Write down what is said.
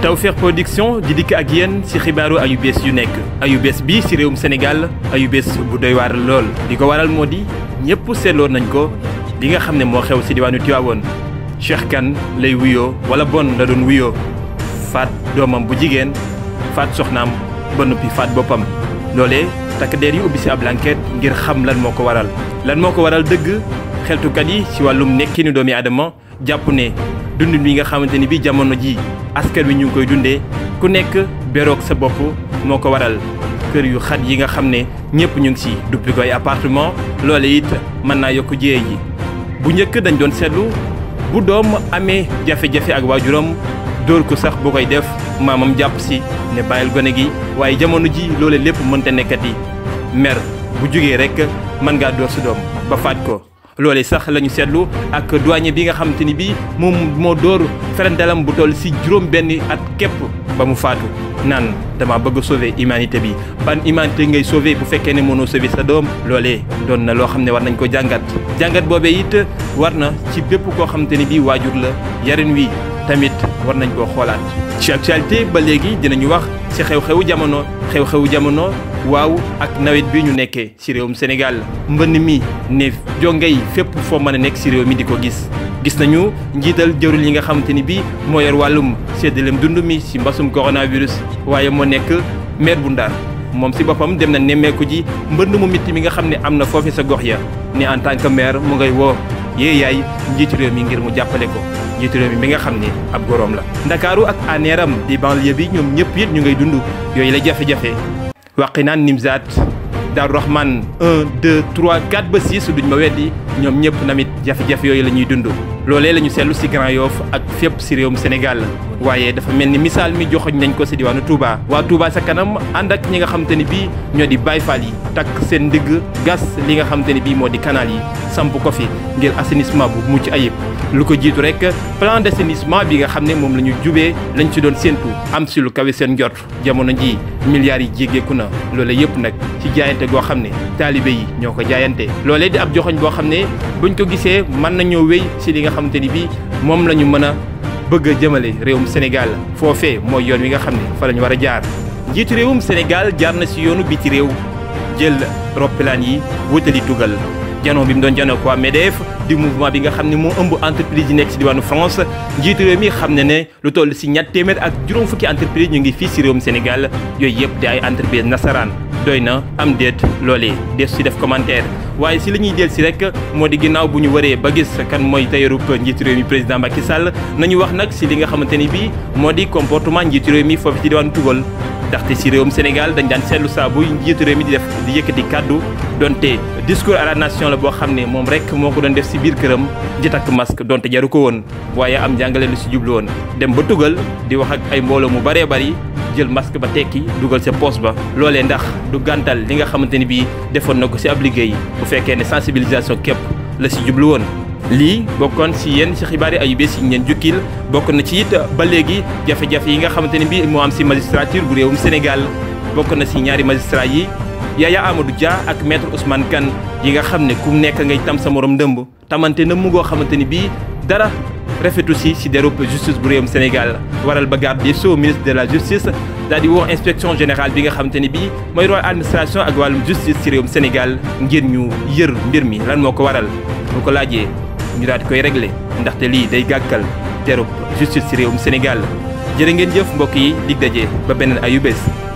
Tawfekh Production di dikk ak yenn ci xibaaru ayubés yu nekk ayubés bi ci réewum Sénégal ayubés bu doy waar lool di ko waral moo di ñëpp seetloo nañ ko li nga xam ne moo xew ci diwaanu Tiwaawoon Cheikh Kane lay wuyoo wala bon la doon wuyoo faat doomam bu jigéen faat soxnaam ba noppi faat boppam loolee takk der yi ubbi ci ab enquête ngir xam lan moo ko waral lan moo ko waral dëgg xeltukat yi ci wàllum nekkinu doomi aadama jàpp ne dund bi nga xamante ni bi jamono ji askan wi ñu ngi koy dundee ku nekk beroog sa bopp moo ko waral kër yu xat yi nga xam ne ñëpp ñu ngi si duppi koy appartement loole it mën naa yokk jiyee yi bu njëkk dañ doon seetlu bu doom amee jafe-jafe ak juróom dóor ko sax bu koy def maamam jàpp si ne bàyyil gone gi waaye jamono ji loole lépp mënta nekkati mer bu jugee rek mën ngaa door sa doom ba faat ko loole sax la ñu seetlu ak douanier bi nga xamante ni bii moom moo dóor ferendalam bu toll si juróom benn at képp ba mu faatu naan dama bëgg sauver humanité bi ban humanité ngay sauver bu fekkee ne mënoo sauver sa doom loole doon na loo xam ne war nañ ko jàngat jàngat boobee it war na ci bépp koo xamante ni bii waajur la yarin wi tamit war nañ koo xoolaat ci actualité ba léegi dinañu wax ci xew-xewu jamono xew-xewu jamono waaw ak nawet bi ñu nekkee ci réewum Sénégal mbënn mi ne jonge yi fépp foo mën a nekk ci réew mi di ko gis gis nañu njiital jërul yi nga xamante ni bi moo wàllum séddaleem dund mi ci mbasum coronavirus waaye moo nekk maire bu Ndar moom ci boppam dem na nemmeeku ji mbënd mu mitti mi nga xam ne am na foofu sa gox ya ne en tant que maire mu ngay woo yee yaay njiitu réew mi ngir mu jàppale ko njiitu réew mi mi nga xam ne ab gorom la ndakaaru ak aneeram di banlieue bi ñoom ñëpp it ñu ngay dund yooyu la jafe waqinaan nimzaat daaru rahman 1 2 3 4 ba 6 duñ ma weddi ñoom ñëpp namit jafe-jafe yooyu la ñuy dund loolee la ñu seetlu si Grand Yoff ak fépp si réewum Sénégal waaye dafa mel ni misaal mi joxoñ nañ ko si diwaanu Touba waa Touba sa kanam ànd ak ñi nga xam te ni bii ñoo di Baye Fall yi takk seen ndigg gas li nga xam te ni bii moo di kanaal yi samp ko fi ngir assainissement bu mucc ayib lu ko jiitu rek plan d'assainissement bi nga xam ne moom la ñu jubee lañ ci doon séentu am si lu kawe seen njort jamono ji milliards yi jégeeku na loole yëpp nag ci jaayante goo xam ne taalibe yi ñoo ko jaayante loolee di xam ne buñ ko xamante ni bii moom la ñu mën a bëgg a jëmale réewum Sénégal foofee mooy yoon wi nga xam ne fa la ñu war a jaar. njiitu réewum Sénégal jaar na si yoonu biti réew jël roppalaan yi wutali tugal janoo bi mu doon janoo ko MEDEF di mouvement bi nga xam ne moo ëmb entreprise yi nekk si diwaanu France njiitu réew mi xam ne ne lu toll si ñett téeméer ak juróom fukki entreprise ñu ngi fii si réewum Sénégal yooyu yëpp di ay entreprise nasaraan. doy na am déet loolee des si def commentaire waaye si la ñuy del si rek moo di ginnaaw bu ñu waree ba gis kan mooy tayarub njiit réew mi président Macky Sall nañu wax nag si li nga xamante ni bii moo di comportement njiitu réew mi foofu ci diwaan tugal ndaxte si réewum Sénégal dañ daan seetlu saa buy njiitu réew mi di def di yëkkati kàddu donte discours à la nation la boo xam ne moom rek moo ko doon def si biir këram di takk masque donte jaru ko woon waaye am njàngale lu si jublu woon dem ba tugal di wax ak ay mbooloo mu bëree bari jël masque ba tekki dugal sa poos ba loolee ndax du gàntal li nga xamante ni bii defoon na ko si ab liggéey bu fekkee ne sensibilisation képp la si jublu woon lii bokkoon si yenn si xibaar yi ayu bees yi ngeen jukkil bokk na ci it ba léegi jafe-jafe yi nga xamante ne bii moo am si magistrature bu réewum Sénégal bokk na si ñaari magistrat yi yaaya Amadou jaa ak maître Ousmane kan yi nga xam ne ku nekk nga tam sa morom ndëmb tamante na mu ngoo xamante ni bii dara rafetu si si derub justice bu réewum Sénégal waral ba garde des sceaux ministre de la justice daal di woo inspection générale bi nga xamante ni bii mooy roi ak wàllum justice si réewum Sénégal ngir ñu yër mbir mi lan moo ko waral bu ko laajee ñu daal koy réglé ndaxte lii day gàkkal terub justice ci réewum Sénégal jërë ngeen jëf mbokk yi dig daje ba beneen ayu bés